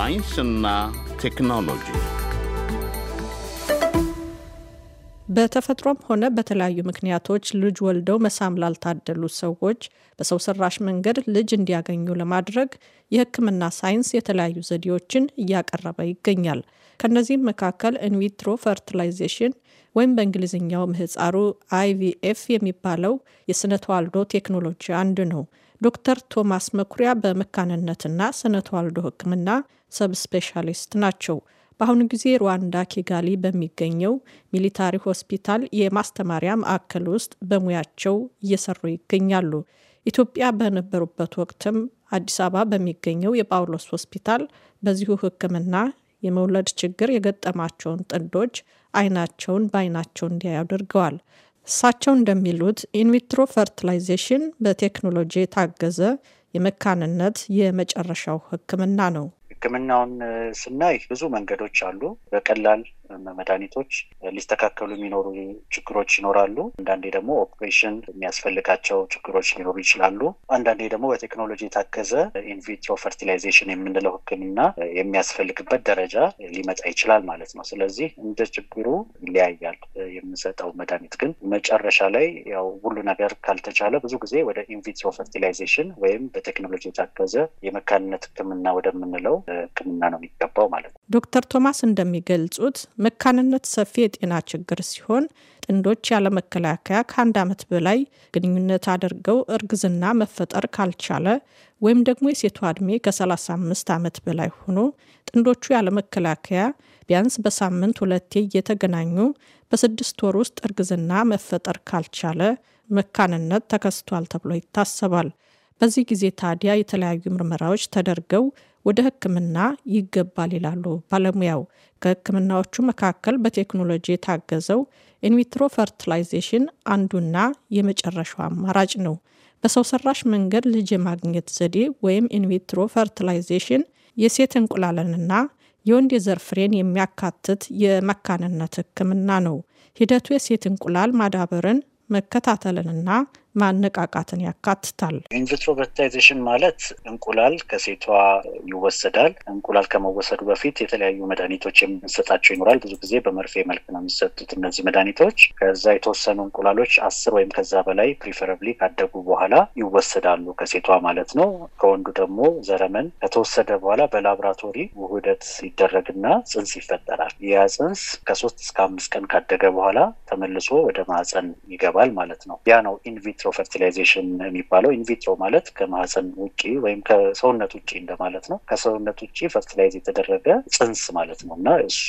ሳይንስና ቴክኖሎጂ uh, በተፈጥሮም ሆነ በተለያዩ ምክንያቶች ልጅ ወልደው መሳም ላልታደሉ ሰዎች በሰው ሰራሽ መንገድ ልጅ እንዲያገኙ ለማድረግ የሕክምና ሳይንስ የተለያዩ ዘዴዎችን እያቀረበ ይገኛል። ከእነዚህም መካከል ኢንቪትሮ ፈርቲላይዜሽን ወይም በእንግሊዝኛው ምህፃሩ አይቪኤፍ የሚባለው የስነ ተዋልዶ ቴክኖሎጂ አንዱ ነው። ዶክተር ቶማስ መኩሪያ በመካንነትና ስነ ተዋልዶ ሕክምና ሰብ ስፔሻሊስት ናቸው። በአሁኑ ጊዜ ሩዋንዳ ኪጋሊ በሚገኘው ሚሊታሪ ሆስፒታል የማስተማሪያ ማዕከል ውስጥ በሙያቸው እየሰሩ ይገኛሉ። ኢትዮጵያ በነበሩበት ወቅትም አዲስ አበባ በሚገኘው የጳውሎስ ሆስፒታል በዚሁ ሕክምና የመውለድ ችግር የገጠማቸውን ጥንዶች አይናቸውን በአይናቸው እንዲያዩ አድርገዋል። እሳቸው እንደሚሉት ኢንቪትሮ ፈርትላይዜሽን በቴክኖሎጂ የታገዘ የመካንነት የመጨረሻው ሕክምና ነው። ህክምናውን ስናይ ብዙ መንገዶች አሉ። በቀላል መድኃኒቶች ሊስተካከሉ የሚኖሩ ችግሮች ይኖራሉ። አንዳንዴ ደግሞ ኦፕሬሽን የሚያስፈልጋቸው ችግሮች ሊኖሩ ይችላሉ። አንዳንዴ ደግሞ በቴክኖሎጂ የታገዘ ኢንቪትሮ ፈርቲላይዜሽን የምንለው ህክምና የሚያስፈልግበት ደረጃ ሊመጣ ይችላል ማለት ነው። ስለዚህ እንደ ችግሩ ይለያያል። የምንሰጠው መድኃኒት ግን መጨረሻ ላይ ያው ሁሉ ነገር ካልተቻለ ብዙ ጊዜ ወደ ኢንቪትሮ ፈርቲላይዜሽን ወይም በቴክኖሎጂ የታገዘ የመካንነት ህክምና ወደምንለው ሕክምና ነው የሚገባው ማለት ነው። ዶክተር ቶማስ እንደሚገልጹት መካንነት ሰፊ የጤና ችግር ሲሆን ጥንዶች ያለ መከላከያ ከአንድ ዓመት በላይ ግንኙነት አድርገው እርግዝና መፈጠር ካልቻለ ወይም ደግሞ የሴቷ ዕድሜ ከ35 ዓመት በላይ ሆኖ ጥንዶቹ ያለመከላከያ ቢያንስ በሳምንት ሁለቴ እየተገናኙ በስድስት ወር ውስጥ እርግዝና መፈጠር ካልቻለ መካንነት ተከስቷል ተብሎ ይታሰባል። በዚህ ጊዜ ታዲያ የተለያዩ ምርመራዎች ተደርገው ወደ ሕክምና ይገባል ይላሉ ባለሙያው። ከሕክምናዎቹ መካከል በቴክኖሎጂ የታገዘው ኢንቪትሮ ፈርትላይዜሽን አንዱና የመጨረሻው አማራጭ ነው። በሰው ሰራሽ መንገድ ልጅ የማግኘት ዘዴ ወይም ኢንቪትሮ ፈርትላይዜሽን የሴት እንቁላልንና የወንድ የዘር ፍሬን የሚያካትት የመካንነት ሕክምና ነው። ሂደቱ የሴት እንቁላል ማዳበርን መከታተልንና ማነቃቃትን ያካትታል። ኢንቪትሮ ፈርታይዜሽን ማለት እንቁላል ከሴቷ ይወሰዳል። እንቁላል ከመወሰዱ በፊት የተለያዩ መድኃኒቶች የምንሰጣቸው ይኖራል። ብዙ ጊዜ በመርፌ መልክ ነው የሚሰጡት እነዚህ መድኃኒቶች። ከዛ የተወሰኑ እንቁላሎች አስር ወይም ከዛ በላይ ፕሪፈረብሊ ካደጉ በኋላ ይወሰዳሉ ከሴቷ ማለት ነው። ከወንዱ ደግሞ ዘረመን ከተወሰደ በኋላ በላብራቶሪ ውህደት ይደረግና ጽንስ ይፈጠራል። ያ ጽንስ ከሶስት እስከ አምስት ቀን ካደገ በኋላ ተመልሶ ወደ ማህፀን ይገባል ማለት ነው። ያ ነው ኢንቪትሮ ኢንቪትሮ ፈርቲላይዜሽን የሚባለው ኢንቪትሮ ማለት ከማህፀን ውጭ ወይም ከሰውነት ውጭ እንደማለት ነው። ከሰውነት ውጭ ፈርቲላይዝ የተደረገ ጽንስ ማለት ነው እና እሱ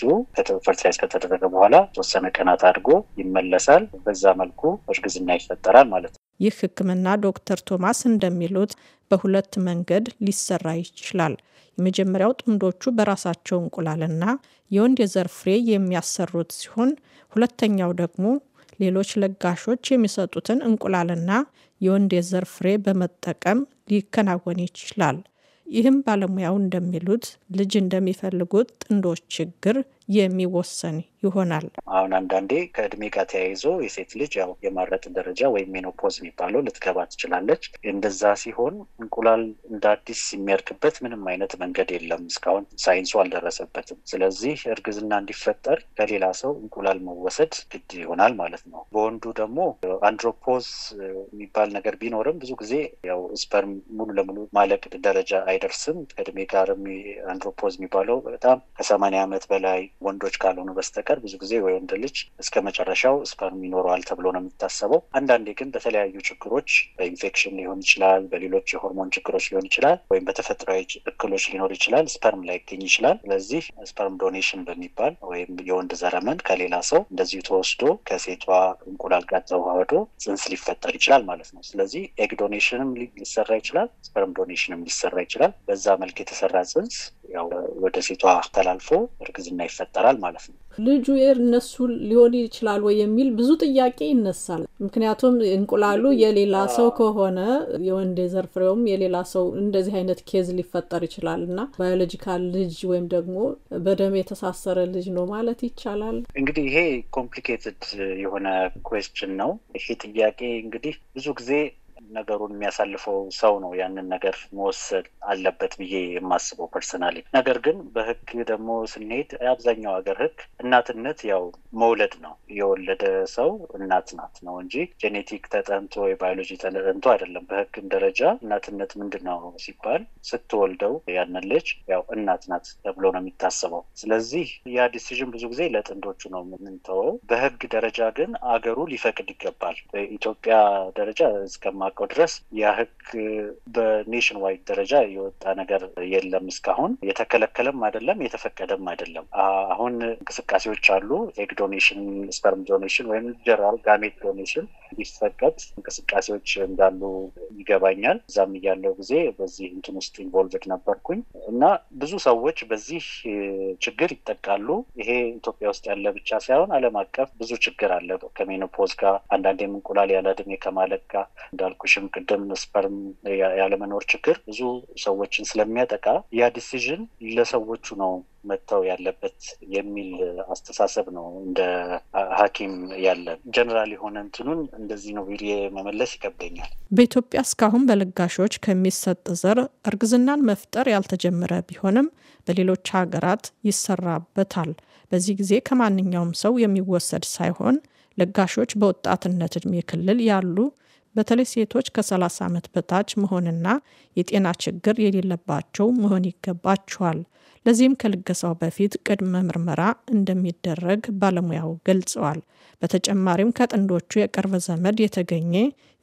ፈርቲላይዝ ከተደረገ በኋላ ተወሰነ ቀናት አድርጎ ይመለሳል። በዛ መልኩ እርግዝና ይፈጠራል ማለት ነው። ይህ ህክምና ዶክተር ቶማስ እንደሚሉት በሁለት መንገድ ሊሰራ ይችላል። የመጀመሪያው ጥንዶቹ በራሳቸው እንቁላልና የወንድ የዘር ፍሬ የሚያሰሩት ሲሆን ሁለተኛው ደግሞ ሌሎች ለጋሾች የሚሰጡትን እንቁላልና የወንድ የዘር ፍሬ በመጠቀም ሊከናወን ይችላል። ይህም ባለሙያው እንደሚሉት ልጅ እንደሚፈልጉት ጥንዶች ችግር የሚወሰን ይሆናል። አሁን አንዳንዴ ከእድሜ ጋር ተያይዞ የሴት ልጅ ያው የማረጥ ደረጃ ወይም ሜኖፖዝ የሚባለው ልትገባ ትችላለች። እንደዛ ሲሆን እንቁላል እንደ አዲስ የሚያድግበት ምንም አይነት መንገድ የለም። እስካሁን ሳይንሱ አልደረሰበትም። ስለዚህ እርግዝና እንዲፈጠር ከሌላ ሰው እንቁላል መወሰድ ግድ ይሆናል ማለት ነው። በወንዱ ደግሞ አንድሮፖዝ የሚባል ነገር ቢኖርም ብዙ ጊዜ ያው ስፐርም ሙሉ ለሙሉ ማለቅ ደረጃ አይደርስም። ከእድሜ ጋር አንድሮፖዝ የሚባለው በጣም ከሰማንያ ዓመት በላይ ወንዶች ካልሆኑ በስተቀር ብዙ ጊዜ ወንድ ልጅ እስከ መጨረሻው ስፐርም ይኖረዋል ተብሎ ነው የሚታሰበው። አንዳንዴ ግን በተለያዩ ችግሮች በኢንፌክሽን ሊሆን ይችላል፣ በሌሎች የሆርሞን ችግሮች ሊሆን ይችላል፣ ወይም በተፈጥሯዊ እክሎች ሊኖር ይችላል፣ ስፐርም ላይገኝ ይችላል። ስለዚህ ስፐርም ዶኔሽን በሚባል ወይም የወንድ ዘረመን ከሌላ ሰው እንደዚሁ ተወስዶ ከሴቷ እንቁላል ጋር ተዋህዶ ጽንስ ሊፈጠር ይችላል ማለት ነው። ስለዚህ ኤግ ዶኔሽንም ሊሰራ ይችላል፣ ስፐርም ዶኔሽንም ሊሰራ ይችላል። በዛ መልክ የተሰራ ጽንስ ያው ወደ ሴቷ ተላልፎ እርግዝና ይፈጠራል። ይፈጠራል ማለት ነው። ልጁ እነሱ ሊሆን ይችላል ወይ የሚል ብዙ ጥያቄ ይነሳል። ምክንያቱም እንቁላሉ የሌላ ሰው ከሆነ የወንድ የዘር ፍሬውም የሌላ ሰው እንደዚህ አይነት ኬዝ ሊፈጠር ይችላል እና ባዮሎጂካል ልጅ ወይም ደግሞ በደም የተሳሰረ ልጅ ነው ማለት ይቻላል። እንግዲህ ይሄ ኮምፕሊኬትድ የሆነ ኩዌስችን ነው። ይሄ ጥያቄ እንግዲህ ብዙ ጊዜ ነገሩን የሚያሳልፈው ሰው ነው ያንን ነገር መወሰድ አለበት ብዬ የማስበው ፐርሰናሊ። ነገር ግን በህግ ደግሞ ስንሄድ የአብዛኛው ሀገር ህግ እናትነት ያው መውለድ ነው። የወለደ ሰው እናት ናት ነው እንጂ ጄኔቲክ ተጠንቶ ባዮሎጂ ተጠንቶ አይደለም። በህግም ደረጃ እናትነት ምንድን ነው ሲባል ስትወልደው ያንን ልጅ ያው እናት ናት ተብሎ ነው የሚታሰበው። ስለዚህ ያ ዲሲዥን ብዙ ጊዜ ለጥንዶቹ ነው የምንተወው። በህግ ደረጃ ግን አገሩ ሊፈቅድ ይገባል። በኢትዮጵያ ደረጃ እስከማ እስከማውቀው ድረስ ያ ህግ በኔሽን ዋይድ ደረጃ የወጣ ነገር የለም። እስካሁን የተከለከለም አይደለም የተፈቀደም አይደለም። አሁን እንቅስቃሴዎች አሉ። ኤግ ዶኔሽን፣ ስፐርም ዶኔሽን ወይም ጀራል ጋሜት ዶኔሽን እንዲፈቀድ እንቅስቃሴዎች እንዳሉ ይገባኛል። እዛም እያለው ጊዜ በዚህ እንትን ውስጥ ኢንቮልቭድ ነበርኩኝ እና ብዙ ሰዎች በዚህ ችግር ይጠቃሉ። ይሄ ኢትዮጵያ ውስጥ ያለ ብቻ ሳይሆን አለም አቀፍ ብዙ ችግር አለ ከሜኖፖዝ ጋር አንዳንድ የምንቁላል ያለ ድሜ ከማለት ጋር እንዳልኩ እንዳልኩሽም ቅድም ስፐርም ያለመኖር ችግር ብዙ ሰዎችን ስለሚያጠቃ ያ ዲሲዥን ለሰዎቹ ነው መጥተው ያለበት የሚል አስተሳሰብ ነው እንደ ሀኪም ያለ ጀነራል የሆነ እንትኑን እንደዚህ ነው ቪዲ መመለስ ይከብደኛል። በኢትዮጵያ እስካሁን በለጋሾች ከሚሰጥ ዘር እርግዝናን መፍጠር ያልተጀመረ ቢሆንም በሌሎች ሀገራት ይሰራበታል። በዚህ ጊዜ ከማንኛውም ሰው የሚወሰድ ሳይሆን ለጋሾች በወጣትነት እድሜ ክልል ያሉ በተለይ ሴቶች ከ30 ዓመት በታች መሆንና የጤና ችግር የሌለባቸው መሆን ይገባቸዋል። ለዚህም ከልገሳው በፊት ቅድመ ምርመራ እንደሚደረግ ባለሙያው ገልጸዋል። በተጨማሪም ከጥንዶቹ የቅርብ ዘመድ የተገኘ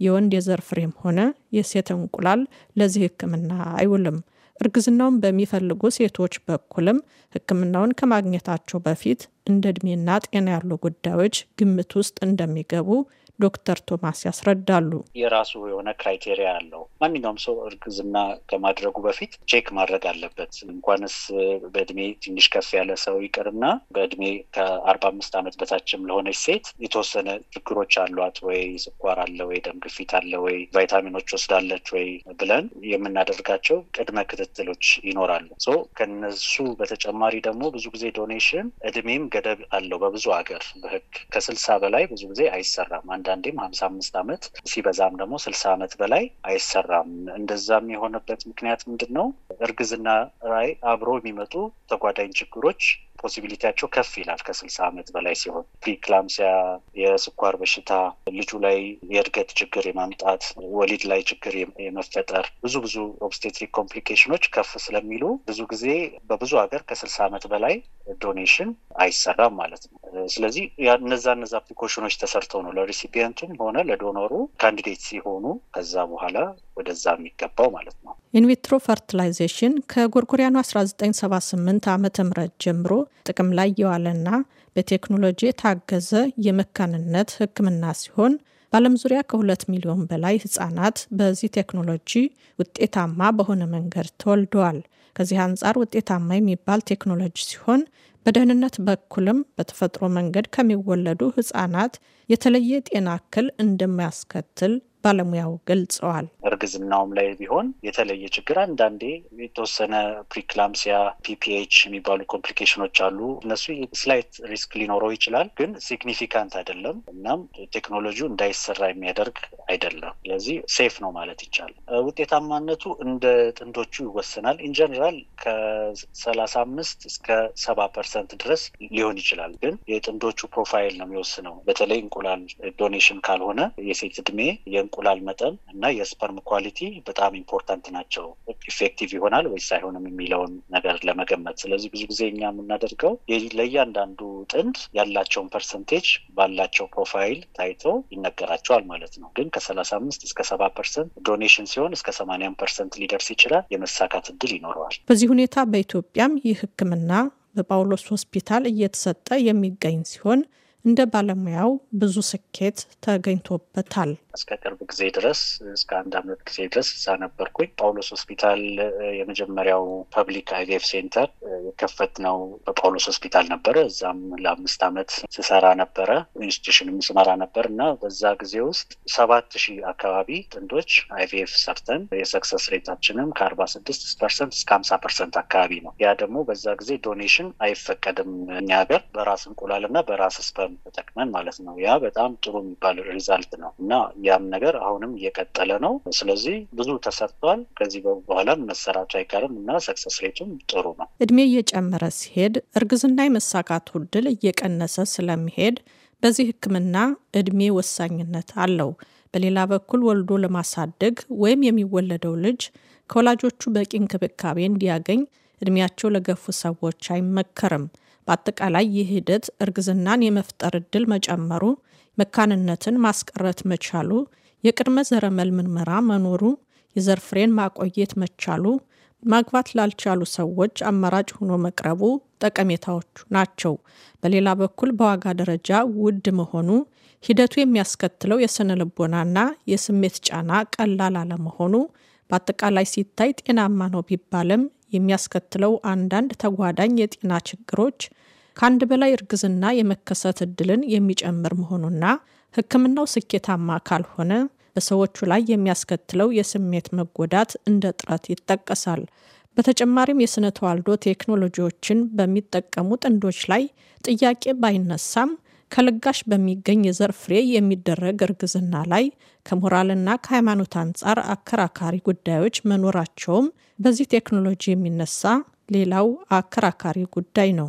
የወንድ የዘር ፍሬም ሆነ የሴት እንቁላል ለዚህ ሕክምና አይውልም። እርግዝናውን በሚፈልጉ ሴቶች በኩልም ሕክምናውን ከማግኘታቸው በፊት እንደ ዕድሜና ጤና ያሉ ጉዳዮች ግምት ውስጥ እንደሚገቡ ዶክተር ቶማስ ያስረዳሉ። የራሱ የሆነ ክራይቴሪያ አለው። ማንኛውም ሰው እርግዝና ከማድረጉ በፊት ቼክ ማድረግ አለበት። እንኳንስ በእድሜ ትንሽ ከፍ ያለ ሰው ይቅርና በእድሜ ከአርባ አምስት ዓመት በታችም ለሆነች ሴት የተወሰነ ችግሮች አሏት ወይ፣ ስኳር አለ ወይ፣ ደም ግፊት አለ ወይ፣ ቫይታሚኖች ወስዳለች ወይ ብለን የምናደርጋቸው ቅድመ ክትትሎች ይኖራሉ። ከነሱ በተጨማሪ ደግሞ ብዙ ጊዜ ዶኔሽን እድሜም ገደብ አለው። በብዙ ሀገር በህግ ከስልሳ በላይ ብዙ ጊዜ አይሰራም። አንዳንዴም ሀምሳ አምስት ዓመት ሲበዛም ደግሞ ስልሳ ዓመት በላይ አይሰራም። እንደዛም የሆነበት ምክንያት ምንድን ነው? እርግዝና ላይ አብሮ የሚመጡ ተጓዳኝ ችግሮች ፖሲቢሊቲያቸው ከፍ ይላል ከስልሳ ዓመት በላይ ሲሆን ፕሪክላምሲያ፣ የስኳር በሽታ፣ ልጁ ላይ የእድገት ችግር የማምጣት ወሊድ ላይ ችግር የመፈጠር ብዙ ብዙ ኦብስቴትሪክ ኮምፕሊኬሽኖች ከፍ ስለሚሉ ብዙ ጊዜ በብዙ ሀገር ከስልሳ ዓመት በላይ ዶኔሽን አይሰራም ማለት ነው። ስለዚህ እነዛ እነዛ ፕሪኮሽኖች ተሰርተው ነው ለሪሲፒየንቱም ሆነ ለዶኖሩ ካንዲዴት ሲሆኑ ከዛ በኋላ ወደዛ የሚገባው ማለት ነው። ኢንቪትሮ ፈርቲላይዜሽን ከጎርጎሪያኑ 1978 ዓመተ ም ጀምሮ ጥቅም ላይ የዋለና በቴክኖሎጂ የታገዘ የመካንነት ሕክምና ሲሆን በዓለም ዙሪያ ከሁለት ሚሊዮን በላይ ህጻናት በዚህ ቴክኖሎጂ ውጤታማ በሆነ መንገድ ተወልደዋል። ከዚህ አንጻር ውጤታማ የሚባል ቴክኖሎጂ ሲሆን በደህንነት በኩልም በተፈጥሮ መንገድ ከሚወለዱ ህጻናት የተለየ ጤና እክል እንደማያስከትል ባለሙያው ገልጸዋል። እርግዝናውም ላይ ቢሆን የተለየ ችግር አንዳንዴ የተወሰነ ፕሪክላምሲያ ፒፒኤች የሚባሉ ኮምፕሊኬሽኖች አሉ። እነሱ ስላይት ሪስክ ሊኖረው ይችላል፣ ግን ሲግኒፊካንት አይደለም። እናም ቴክኖሎጂው እንዳይሰራ የሚያደርግ አይደለም። ስለዚህ ሴፍ ነው ማለት ይቻላል። ውጤታማነቱ እንደ ጥንዶቹ ይወሰናል። ኢንጀነራል ከሰላሳ አምስት እስከ ሰባ ፐርሰንት ድረስ ሊሆን ይችላል፣ ግን የጥንዶቹ ፕሮፋይል ነው የሚወስነው። በተለይ እንቁላል ዶኔሽን ካልሆነ የሴት እድሜ የእንቁላል መጠን እና የስፐርም ኳሊቲ በጣም ኢምፖርታንት ናቸው። ኢፌክቲቭ ይሆናል ወይስ አይሆንም የሚለውን ነገር ለመገመት። ስለዚህ ብዙ ጊዜ እኛ የምናደርገው ለእያንዳንዱ ጥንድ ያላቸውን ፐርሰንቴጅ ባላቸው ፕሮፋይል ታይቶ ይነገራቸዋል ማለት ነው። ግን ከሰላሳ አምስት እስከ ሰባ ፐርሰንት ዶኔሽን ሲሆን እስከ ሰማኒያ ፐርሰንት ሊደርስ ይችላል። የመሳካት እድል ይኖረዋል። በዚህ ሁኔታ በኢትዮጵያም ይህ ህክምና በጳውሎስ ሆስፒታል እየተሰጠ የሚገኝ ሲሆን እንደ ባለሙያው ብዙ ስኬት ተገኝቶበታል። እስከ ቅርብ ጊዜ ድረስ እስከ አንድ አመት ጊዜ ድረስ እዛ ነበርኩኝ። ጳውሎስ ሆስፒታል የመጀመሪያው ፐብሊክ አይቪኤፍ ሴንተር ነው በጳውሎስ ሆስፒታል ነበረ። እዛም ለአምስት አመት ስሰራ ነበረ። ኢንስቲቱሽንም ስመራ ነበር እና በዛ ጊዜ ውስጥ ሰባት ሺህ አካባቢ ጥንዶች አይቪኤፍ ሰርተን የሰክሰስ ሬታችንም ከአርባ ስድስት ፐርሰንት እስከ ሀምሳ ፐርሰንት አካባቢ ነው። ያ ደግሞ በዛ ጊዜ ዶኔሽን አይፈቀድም እኛ ሀገር በራስ እንቁላል እና በራስ ስፐርም ተጠቅመን ማለት ነው። ያ በጣም ጥሩ የሚባል ሪዛልት ነው እና ያም ነገር አሁንም እየቀጠለ ነው። ስለዚህ ብዙ ተሰርቷል። ከዚህ በኋላም መሰራቱ አይቀርም እና ሰክሰስ ሬቱም ጥሩ ነው። እድሜ እየጨመረ ሲሄድ እርግዝና የመሳካቱ እድል እየቀነሰ ስለሚሄድ በዚህ ህክምና እድሜ ወሳኝነት አለው። በሌላ በኩል ወልዶ ለማሳደግ ወይም የሚወለደው ልጅ ከወላጆቹ በቂ እንክብካቤ እንዲያገኝ እድሜያቸው ለገፉ ሰዎች አይመከርም። በአጠቃላይ ይህ ሂደት እርግዝናን የመፍጠር እድል መጨመሩ መካንነትን ማስቀረት መቻሉ፣ የቅድመ ዘረመል ምርመራ መኖሩ፣ የዘር ፍሬን ማቆየት መቻሉ፣ ማግባት ላልቻሉ ሰዎች አማራጭ ሆኖ መቅረቡ ጠቀሜታዎቹ ናቸው። በሌላ በኩል በዋጋ ደረጃ ውድ መሆኑ፣ ሂደቱ የሚያስከትለው የስነ ልቦናና የስሜት ጫና ቀላል አለመሆኑ በአጠቃላይ ሲታይ ጤናማ ነው ቢባልም የሚያስከትለው አንዳንድ ተጓዳኝ የጤና ችግሮች ከአንድ በላይ እርግዝና የመከሰት እድልን የሚጨምር መሆኑና ሕክምናው ስኬታማ ካልሆነ በሰዎቹ ላይ የሚያስከትለው የስሜት መጎዳት እንደ ጥረት ይጠቀሳል። በተጨማሪም የስነ ተዋልዶ ቴክኖሎጂዎችን በሚጠቀሙ ጥንዶች ላይ ጥያቄ ባይነሳም ከልጋሽ በሚገኝ የዘር ፍሬ የሚደረግ እርግዝና ላይ ከሞራልና ከሃይማኖት አንጻር አከራካሪ ጉዳዮች መኖራቸውም በዚህ ቴክኖሎጂ የሚነሳ ሌላው አከራካሪ ጉዳይ ነው።